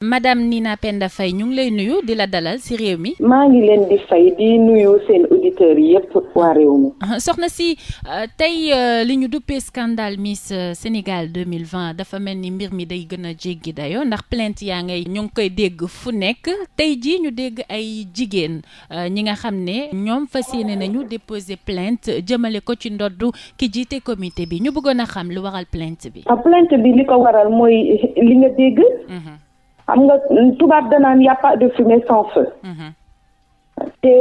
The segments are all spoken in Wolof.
madame Nina Penda Faye ñu ngi lay nuyu di la dalal ci réew mi. maa ngi leen di fay di nuyu seen auditeurs yépp waa réew mi. Ah, soxna si euh, tey euh, li ñu duppee scandale Miss euh, Sénégal dafa mel ni mbir mi day gën a jéggi dayoo ndax plainte yaa ngay ñu ngi koy dégg fu nekk tey jii ñu dégg ay jigéen ñi nga xam ne ñoom fas yéene nañu déposer plainte jëmale ko ci ndoddu ki jiite comité bi ñu bëggoon a xam lu waral plainte bi. Ah, plainte bi li ko waral mooy li nga dégg. Mhm. xam nga tubaab danaan y a pas de fumée sans feu. Mhm. te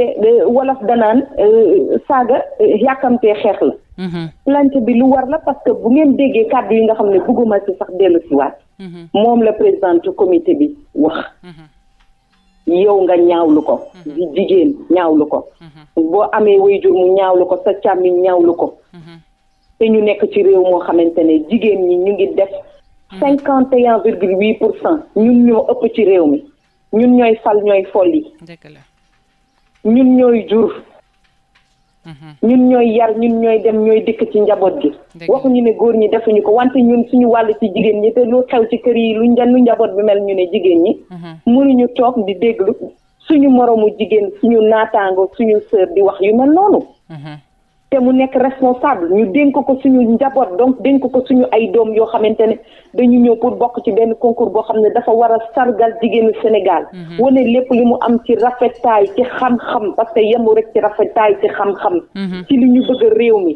wolof danaan euh, saaga yàkkamtee xeex la. Mhm. plante bi lu war la parce que bu ngeen déggee kàddu yi nga xam ne bëgguma ci sax dellu si waat. Mhm. moom la présidente comité bi wax. yow nga ñaawlu ko. di jigéen ñaawlu ko. boo amee waajur mu ñaawlu ko sa càmmiñ lu ko. te ñu nekk ci réew moo xamante ne jigéen ñi ñu ngi def. cinquante et un virgule huit pour cent ñun ñoo ëpp ci réew mi ñun ñooy fal ñooy fol yi ñun ñooy jur mhm. ñun ñooy yar ñun ñooy dem ñooy dikk ci njaboot gi waxuñu ne góor ñi defuñu ko wante ñun suñu wàll ci jigéen ñi te lu xew ci kër yi lu lu njaboot bi mel ñu ne jigéen ñi mhm. mënuñu toog di déglu suñu moroomu jigéen suñu naataango suñu sœur di wax yu mel noonu mhm. te mu nekk responsable ñu dénk ko suñu njaboot donc dénk ko suñu ay doom yoo xamante ne dañu ñëw pour bokk ci benn concours boo xam ne dafa war a sargal jigéenu Sénégal. Mhm. wane lépp li mu am ci rafetaay ci xam-xam parce que yemu rek ci rafetaay ci xam-xam. Mhm. ci li ñu bëgg réew mi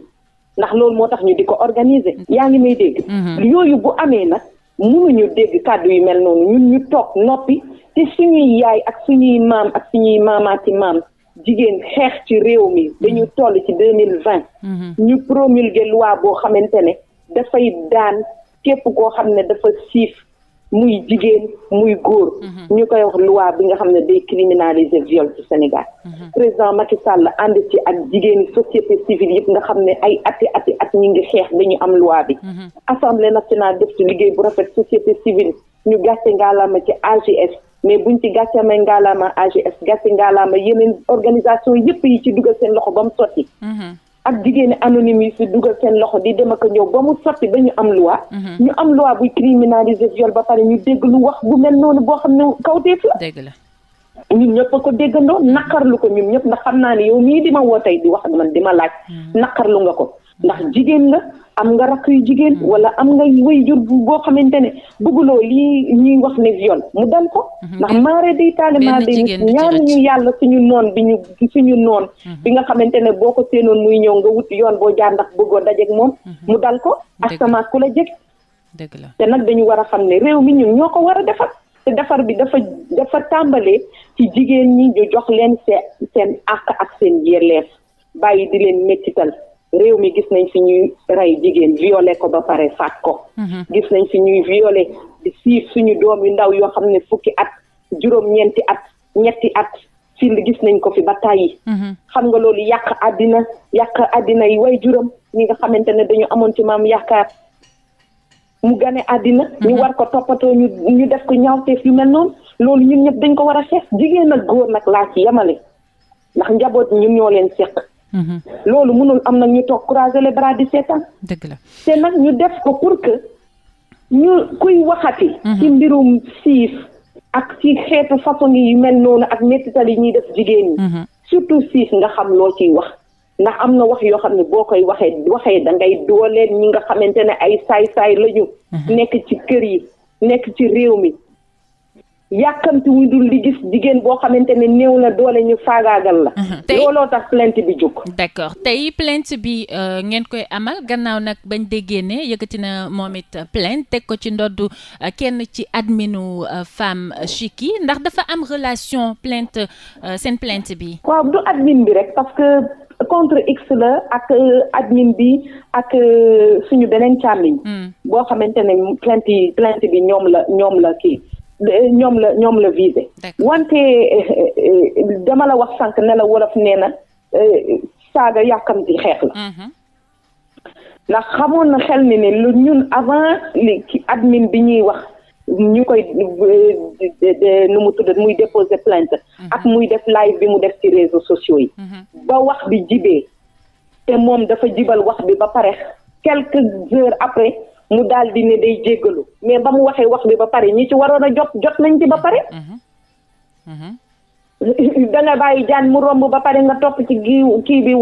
ndax loolu moo tax ñu di ko organiser. yaa ngi may dégg. Mhm. yooyu bu amee nag mënuñu dégg kàddu yu mel noonu ñun ñu toog noppi te suñuy yaay ak suñuy maam ak suñuy maamaati maam. jigéen xeex ci réew mi dañu mhm. toll ci deux mille vingt mhm. ñu promulgué loi boo xamante ne dafay daan képp koo xam ne dafa siif muy jigéen muy góor mhm. ñu koy wax loi bi nga xam ne day criminaliser viol ci Sénégal président Macky Sall ànd ci ak jigéeni société civile yëpp nga xam ne ay ati ati at ñu ngi xeex dañu am loi bi assemblée nationale def ci liggéey bu rafet société civile ñu gàcce ngaalama ci AGS mais bu buñ ci gàccamay ngaalaama AGS gàcce ngaalaama yeneen organisation yëpp yi ci dugal seen loxo ba mu sotti mhm. ak jigéeni anonyme yi si dugal seen loxo di dem ak ñëw ba mu sotti ba ñu am loi mhm. ñu am loi buy criminaliser viol ba pare ñu dégg lu wax bu mel noonu boo xam ne kawteef la dégg ñun ñëpp a ko déggandoo naqarlu ko ñu ñëpp ndax xam naa ne yow mii di ma woo tey di wax ak man di ma laaj mhm. naqarlu nga ko ndax jigéen la am nga rakk yu jigéen mm. wala am nga wayjur boo xamante ne bëgguloo lii ñuy wax ne yoon mu dal ko mm-hmm. ndax maare day taale maare day ñaanuñu yàlla suñu noon bi ñu suñu noon mm-hmm. bi nga xamante ne boo ko seenoon muy ñëw nga wut yoon boo jaar ndax bëggoo moom mm-hmm. mu dal ko ak sama ku la jeg dëgg te nag dañu war a xam ne réew mi ñun ñoo ko war a defar te defar bi dafa dafa tàmbalee ci jigéen ñi ñu jox leen seen seen àq ak seen yelleef bàyyi di leen mettital réew mi gis nañ fi ñuy rey jigéen violé ko ba pare faat ko. Mhm. gis nañ fi ñuy violé di siif suñu doom yu ndaw yoo xam ne fukki at juróom-ñeenti at ñetti at. fi gis nañ ko fi ba tàyyi mhm. xam nga loolu yàq àddina yàq àddina yi way juróom ñi nga xamante ne dañu amoon ci maam yaakaar mu gane àddina ñu mhm. war ko toppatoo ñu ñu def ko ñaawteef yu mel noonu loolu ñun ñëpp dañ ko war a xeex jigéen ak góor nag laa ci yemale ndax njaboot ñu ñoo leen seq Mm-hmm. loolu mënul am nag ñu toog croiser les bras di seetaan. dëgg la te nag ñu def ko pour que ñu kuy waxati. Mm-hmm. ci mbirum siif ak ci xeetu façon yi mel noonu ak mettital yi ñuy def jigéen ñi. Mm-hmm. surtout siif nga xam loo ciy wax. ndax am na wax yoo xam ne boo koy waxee waxee da ngay dooleel ñi nga xamante ne ay saay-saay lañu nekk ci kër yi nekk ci réew mi. yàkkamti wuñ dul di gis jigéen boo xamante ne néew la doole ñu faagaagal la. Mhm. tey looloo tax plainte bi jóg. d'accord tey plainte bi euh, ngeen koy amal gannaaw nag bañ déggee ne yëkkati na moom it plainte teg ko ci ndoddu euh, kenn ci adminu euh, femme chic yi ndax dafa am relation plainte seen plainte bi. waaw du admin bi rek parce que contre X la ak admin bi ak suñu beneen càmmiñ. Hmm. boo xamante ne plainte yi plainte bi ñoom la ñoom la kii. ñoom la ñoom la visé wante eh, eh, eh, dama la wax sànq nela la wolof nee na saaga yàkkamti xeex la mm-hmm. ndax xamoon na xel ni ne lu ñun avant li admin bi ñuy wax ñu koy nu mu tuddat muy déposer plainte mm-hmm. ak muy def live bi mu def ci réseaux sociaux yi mm-hmm. ba wax bi jibee te moom dafa jibal wax bi ba pare quelques heures après mu daal di ne day jéggalu mais ba mu waxee wax bi ba pare ñi ci waroon a jot jot nañ ci ba pare. Mm-hmm. da bàyyi jaan mu romb ba pare nga topp ci gi kii bi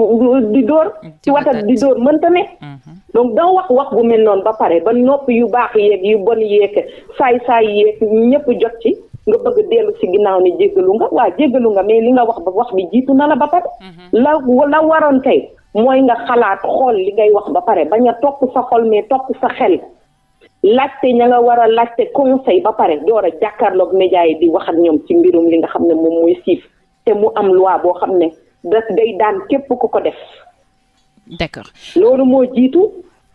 di dóor mm-hmm. ci watat di dóor mënta ne mm-hmm. donc doo wax wax bu mel noonu ba pare ba nopp yu baax yéeg yu bon yéeg saay saay yéeg ñëpp jot ci nga bëgg dellu ci ginnaaw ni jéggalu nga waa jéggalu nga mais li nga wax ba wax bi jiitu na la ba pare la la waroon tey mooy nga xalaat xool li ngay wax ba pare bañ a topp sa xol mais topp sa xel laajte ña nga war a laajte conseil ba pare door a jàkkaarloog média yi di wax ak ñoom ci mbirum li nga xam ne moom mooy siif te mu am loi boo xam ne da day daan képp ku ko def. d'accord loolu moo jiitu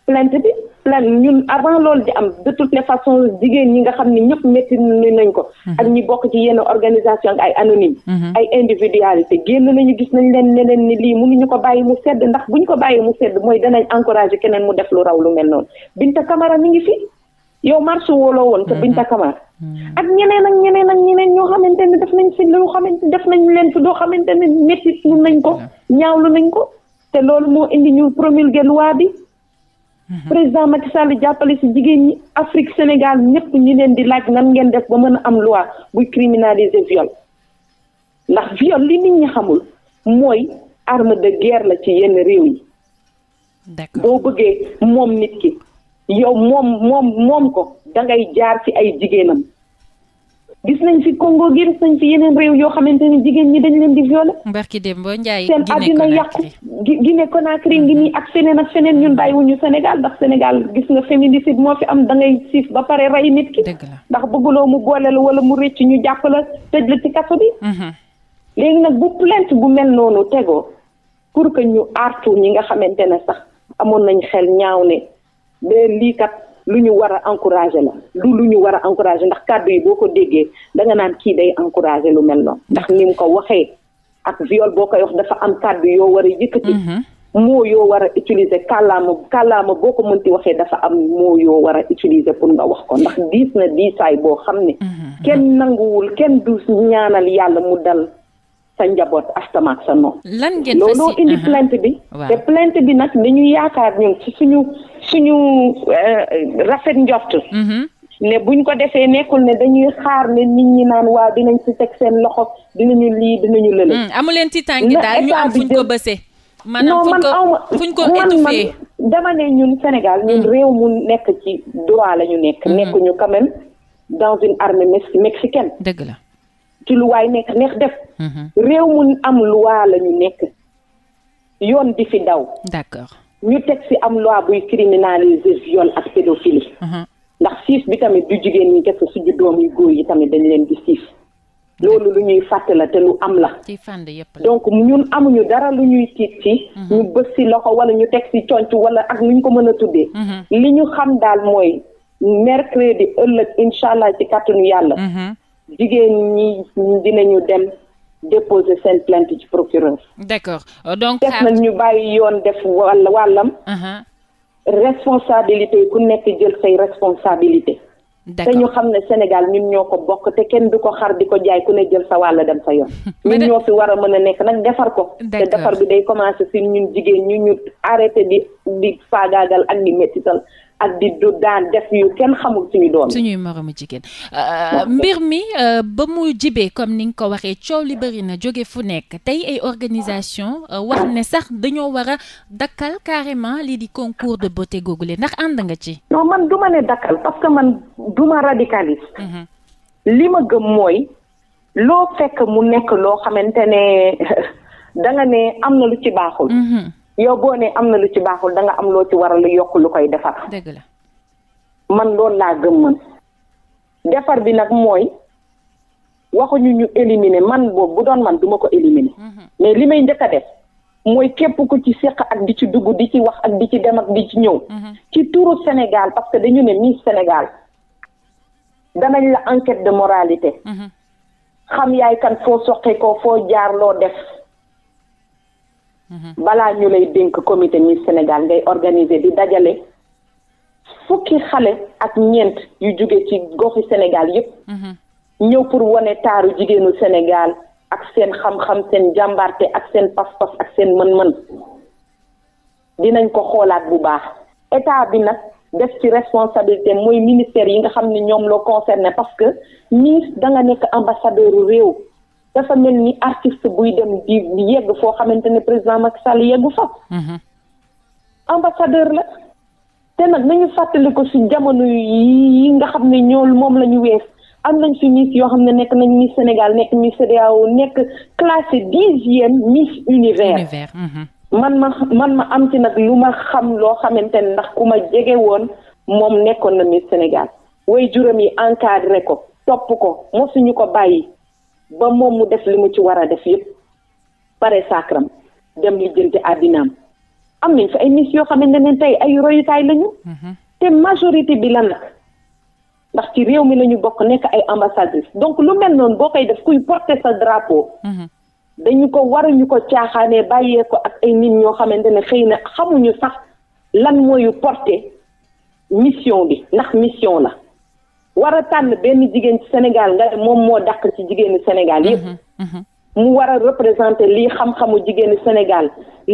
plainte bi. plan ñun avant lool di am de toutes les façons jigéen ñi nga xam ne ñëpp métti nañ ko. Mhm. ak ñi bokk ci yenn organisation ak ay anonyme mhm. ay individualité génn nañu gis nañ leen ne leen ni lii ñu ko bàyyi mu sedd ndax buñ ko bàyyi mu sedd mooy danañ encouragé keneen mu def lu raw lu mel noonu Binta Camara mu ngi fi yow marche wooloo woon te mhm. Binta Camara. ak ñeneen ak ñeneen ak ñeneen ñoo xamante ne def nañ fi lu xamante def nañ leen fi doo xamante ne métti nañ ko ñaaw nañ ko te loolu moo indi ñu promulgué loi bi. Mhm. président Macky Sall jàppale si jigéen ñi Afrique Sénégal ñëpp ñu leen di laaj nan ngeen def ba mën a am loi buy criminaliser viol ndax viol li nit ñi xamul mooy arme de guerre la ci yenn réew yi. boo bëggee moom nit ki yow moom moom moom ko da ngay jaar ci ay jigéenam gis nañ fi Congo gi gis nañ fi yeneen réew yoo xamante ni jigéen ñi dañ leen di violer. Mbarki Demba Ndiaye seen àddina yàqu Guinée Conakry ngi nii ak feneen ak feneen ñun bàyyiwuñu Sénégal ndax Sénégal gis nga féminicide moo fi am da ngay siif ba pare rey nit ki. ndax bëgguloo mu boole la wala mu rëcc ñu jàpp la tëj la ci kaso bi. Mm-hmm. léegi nag bu plainte bu mel noonu tegoo pour que ñu aartu ñi nga xamante ne sax amoon nañ xel ñaaw ne lii kat. lu ñu war a la du lu ñu war a encouragé ndax kàddu yi boo ko déggee da nga naan kii day encouragé lu mel noonu ndax ni mu ko waxee ak viol boo koy wax dafa am kàddu yoo war a mhm. moo yoo war a utiliser kàllaama kàllaama boo ko mënti waxee dafa am moo yoo war a utiliser pour nga wax ko ndax diis na diisaay boo xam ne mhm. kenn nanguwul kenn du ñaanal yàlla mu dal sa njaboot astamaak sa noonu looloo indi mhm. plainte bi te plainte bi nag li ñu suñu euh, rafet njort mm-hmm. ne buñ ko defee nekkul ne dañuy xaar ne nit ñi naan waaw dinañ ci teg seen loxo dinañu lii dinañu lële mm, amu leen tiitaange daal ñu am fuñ ko bësee maanaam fuñ ko fuñ ko étouffé dama ne ñun Sénégal ñun mm. réew mu nekk ci droit la ñu nekk mm. nekkuñu quand même dans une armée mexicaine dëgg la ci lu waay nekk neex def mm-hmm. réew mu am loi la ñu nekk yoon di fi daw d'accord ñu teg si am loi buy criminaliser viol ak pédophilie. Mhm. ndax siif bi tamit du jigéen ñi kese suñu doom yu góor yi tamit dañ leen di siif. loolu lu ñuy fàtte la te lu am la. ci fànn yëpp donc ñun amuñu dara lu ñuy tiit ci. Mhm. ñu bës si loxo wala ñu teg si conc wala ak lu ñu ko mën a tuddee. Mhm. li ñu xam daal mooy mercredi ëllëg incha allah ci kàttanu yàlla. jigéen ñi dinañu dem. déposer seen plainte ci procureur. d'accord donc. def na ñu bàyyi yoon def wàll wàllam. Uh-huh. responsabilité ku nekk jël say responsabilité. te ñu xam ne Sénégal ñun ñoo ko bokk te kenn du ko xar di ko jaay ku ne jël sa wàlla dem sa yoon. ñun ñoo fi war a mën a nekk nag defar ko. te defar bi day commencer si ñun jigéen ñu ñu arrêté di di faagaagal ak ni méttital ak di du daan def yu kenn xamul suñu doom suñuy moromu jigéen euh, mbir mi euh, ba mu jibee comme ni nga ko waxee coow li bëri na jóge fu nekk tey ay organisation euh, wax ne sax dañoo war a dakkal carrément lii di concours de beauté googule ndax ànd nga ci non man duma ne dakkal parce que man duma radicaliste mhm. li ma gëm mooy loo fekk mu nekk loo xamante ne danga ne am na lu ci baaxul mhm. yow boo nee am na lu ci baaxul da am loo ci waral a lu yokk lu koy defar. dëgg la man loolu laa gëm man. defar bi nag mooy waxuñu ñu éliminer man boobu bu doon man duma ko éliminer. Mhm. mais li may njëkk def mooy képp ku ci seq ak di ci dugg di ci wax ak di ci dem ak di ci ñëw. Mhm. ci turu Sénégal parce que dañu ne Miss Sénégal danañ la enquête de moralité. Mhm. xam yaay kan foo soqe foo jaar loo def. balaa ñu lay dénk comité Miss Sénégal ngay organiser di dajale fukki xale ak ñeent yu jóge ci goxi Sénégal yépp mhm. ñëw pour wone taaru jigéenu Sénégal ak seen xam-xam seen jàmbarte ak seen pas-pas ak seen man mën dinañ ko xoolaat bu baax état bi nag def ci responsabilité mooy ministère yi nga xam ni ñoom loo concerné parce que Miss danga nga nekk ambassadeur réew dafa mel ni artiste buy dem di yegg foo xamante ne président Macky Sall yeggu fa. Mhm. ambassadeur la. te nag nañu fàttali ko si jamono yi nga xam ne ñoo moom la ñu wees am nañ fi miss yoo xam ne nekk nañ miss Sénégal nekk miss CEDEAO nekk classé dixième miss univers. univers mhm. man ma man ma am ci nag lu ma xam loo xamante ne ndax ku ma jege woon moom nekkoon na miss Sénégal way juróom yi encadré ko topp ko mosuñu ko bàyyi. ba moom mu def li mu ci war a def yëpp pare sacram dem lijjanti àddinaam am nañ fi ay miss yoo xamante ne tey ay royutaay lañu mhm. te majorité bi la nag ndax ci réew mi lañu bokk nekk ay ambassadeurs donc lu mel noonu boo koy def kuy porter sa drapeau mhm. dañu ko waruñu ko caaxaanee bàyyee ko ak ay nit ñoo xamante ne xëy na xamuñu sax lan mooyu porte mission bi ndax mission la war a tànn benn jigéen ci Sénégal nga ne moom moo dàq ci jigéenu Sénégal yëpp. Mhm, mhm. mu war a représenter lii xam-xamu jigéenu Sénégal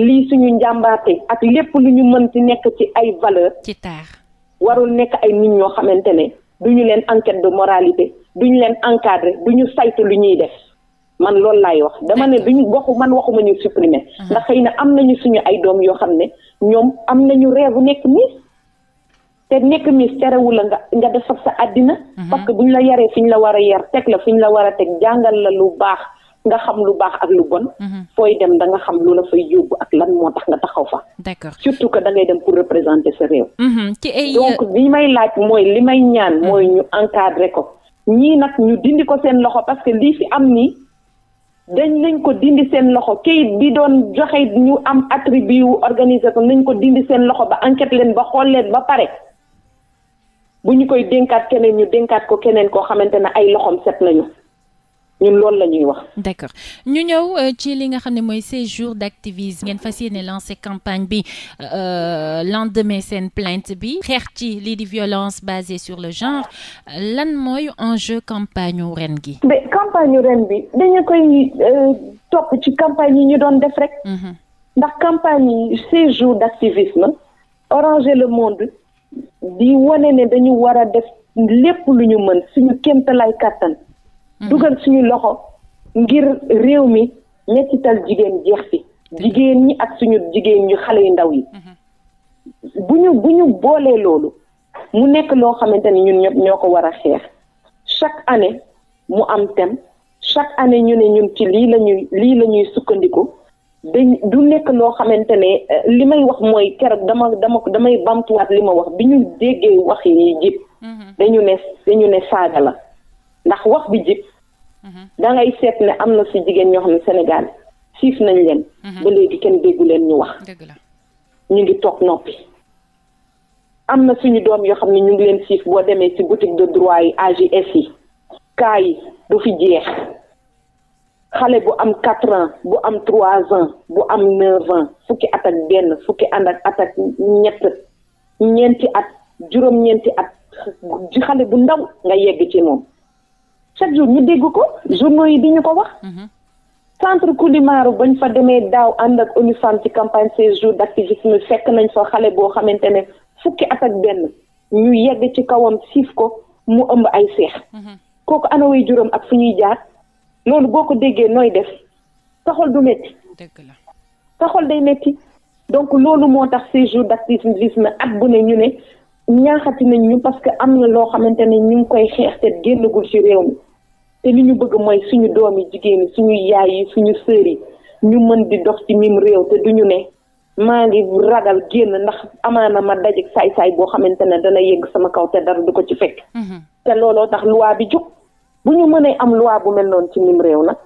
lii suñu njàmbaarte ak lépp lu ñu mën ci nekk ci ay valeur ci taax warul nekk ay nit ñoo xamante ne du ñu leen enquête de moralité du ñu leen encadrer du ñu saytu lu ñuy def man loolu laay wax dama ne duñu waxu man waxuma ñu supprimer. Mhm. ndax xëy na am nañu suñu ay doom yoo xam ne ñoom am nañu rêve nekk nii. te nekk mi terewul la nga nga defar sa àddina mhm. parce que bu la yaree fi ñu la war a yar teg la fi ñu la war a teg jàngal la lu baax nga xam lu baax ak lu bon mhm. fooy dem danga xam lu la fay yóbbu ak lan moo tax nga taxaw fa d'accord surtout ko da ngay dem pour représenter sa réew mhm. donc euh, li may laaj mooy li may ñaan mooy ñu encadrer ko ñii nag ñu dindi ko seen loxo parce que lii fi am nii dañ nañ ko dindi seen loxo kayit bi doon joxe ñu am attribut organiser ko nañ ko dindi seen loxo ba enquête leen ba xool leen ba pare bu ñu koy dénkaat keneen ñu dénkaat ko keneen koo xamante ne ay loxoom set nañu ñun loolu la ñuy wax. d'accord ñu ñëw euh, ci li nga xam ne mooy ces jours d'activisme ngeen fas yéene lancer campagne bi euh, lendemain seen plainte bi xeex ci lii di violence basée sur le genre lan mooy enjeu campagne wu ren gi. mais campagne wu ren bi dañu koy euh, topp ci campagne yi ñu doon def rek. Mm-hmm. ndax campagne yi ces jours d'activisme Orangez le monde. di wane ne dañu war a def lépp lu ñu mën suñu kéemtalaay kàttan mhm. dugal suñu loxo ngir réew mi mettital jigéen jeex fi jigéen ñi ak suñu jigéen ñu xale yu ndaw yi mhm. bu ñu bu ñu boolee loolu mu nekk loo xamante ni ñun ñëpp ñoo ko war a xeex chaque année mu am thème chaque année ñu ne ñun ci lii la lii la ñuy sukkandiku dañ du nekk loo xamante ne euh, li may wax mooy keroog dama dama ko damay bamtuwaat li ma wax bi ñu déggee wax yi jib mhm. dañu ne dañu ne saaga la ndax wax bi jib mhm. da ngay seet ne am na si jigéen ñoo xam ne Sénégal siif nañ leen mhm. ba léegi kenn déggu leen ñu wax ñu ngi toog noppi am na suñu doom yoo xam ne ñu ngi leen siif boo demee ci boutique de droit yi AGS yi kaa yi du fi jeex xale bu am quatre ans bu am trois ans bu am neuf ans fukki at ak benn fukki ànd ak at ak ñett ñeenti at juróom-ñeenti at xale bu ndaw nga yegg ci moom chaque jour ñu dégg ko journaux yi di ñu ko wax mhm. centre Koulibaly bañ fa demee daaw ànd ak UNIFEM ci campagne seize jours d'activisme fekk nañ fa xale boo xamante ne fukki at ak benn ñu yegg ci kawam siif ko mu ëmb ay seex mhm. kooku ana way juróom ak fu ñuy jaar loolu boo ko déggee nooy def sa xol du métti sa xol day métti donc loolu moo tax ces jours d'activisme at bu ne ñu ne ñaaxati nañ ñu parce que am na loo xamante ne ñu ngi koy xeex te génnagul ci réew mi te li ñu bëgg mooy suñu doom yi jigéen yi suñu yaay yi suñu sœur yi ñu mën di dox ci mim réew te ñu ne maa ngi ragal génn ndax amaana ma dajeek saay-saay boo xamante ne dana yegg sama kaw te dara du ko ci fekk mhm. te looloo tax loi bi jóg bu ñu mënee am loi bu mel noonu ci nim réew nag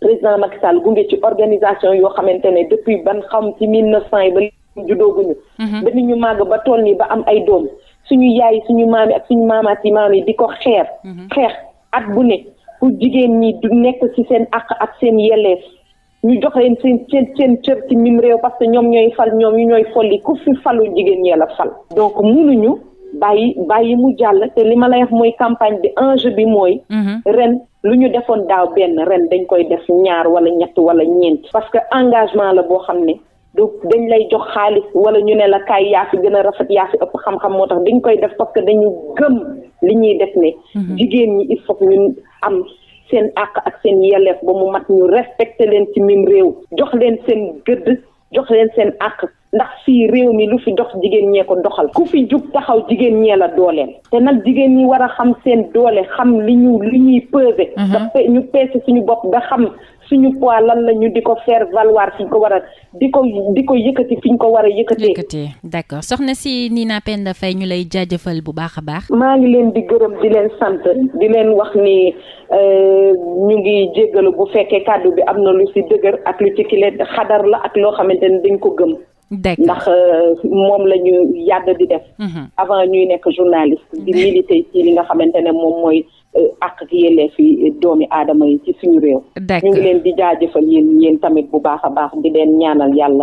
président Macky Sall gunge ci organisation yoo xamante ne depuis ban xam ci mille neuf cent yi ba juddooguñu mhm. ba ni ñu màgg ba tool nii ba am ay doom suñu yaay suñu maam yi ak suñu maamaat yi maam yi di ko xeer mhm. xeex at bu ne pour jigéen ñi du nekk ci seen àq ak seen yelleef ñu jox leen seen seen seen cër ci mim réew parce que ñoom ñooy fal ñoom ñu ñooy folli ku fi falul jigéen ñee la fal donc mënuñu bàyyi bàyyi mu jàll te li ma la wax mooy campagne bi enjeu bi mooy. Mhm. ren lu ñu defoon daaw benn ren dañ koy def ñaar wala ñett wala ñeent. parce que engagement la boo xam ne. du dañ lay jox xaalis wala ñu ne la kaay yaa fi gën a rafet yaa fi ëpp xam-xam moo tax dañ koy def parce que dañu gëm li ñuy def ne. Mhm. jigéen ñi il faut ñu am seen àq ak seen yelleef ba mu mat ñu respecté leen ci mim réew. jox leen seen gëdd jox leen seen àq ndax fii réew mi lu fi dox jigéen ñee ko doxal ku fi jug taxaw jigéen ñee la dooleel te nag jigéen ñi war a xam seen doole xam li ñu li ñuy peser. Mhm. ñu peese suñu bopp ba xam suñu poids lan la ñu di ko faire valoir fi ñu ko war di ko di ko yëkkati fi ñu ko war a yëkkatee. yëkkatee d'accord soxna si nii Nina Penda Faye ñu lay jaajëfal bu baax a baax. maa ngi leen di gërëm di leen sant di leen wax ni euh, ñu ngi jéggalu bu fekkee kàddu bi am na lu si dëgër ak lu ci kile xadar la ak loo xamante ni dañ ko gëm. d'accord ndax euh, moom la ñu yàgg di def. Mm-hmm. avant ñuy nekk journaliste. di militer ci li nga xamante ne moom mooy. àq ak yelleef fi doomi aadama yi ci suñu réew. ñu ngi leen di jaajëfal yéen yéen tamit bu baax a baax di leen ñaanal yàlla.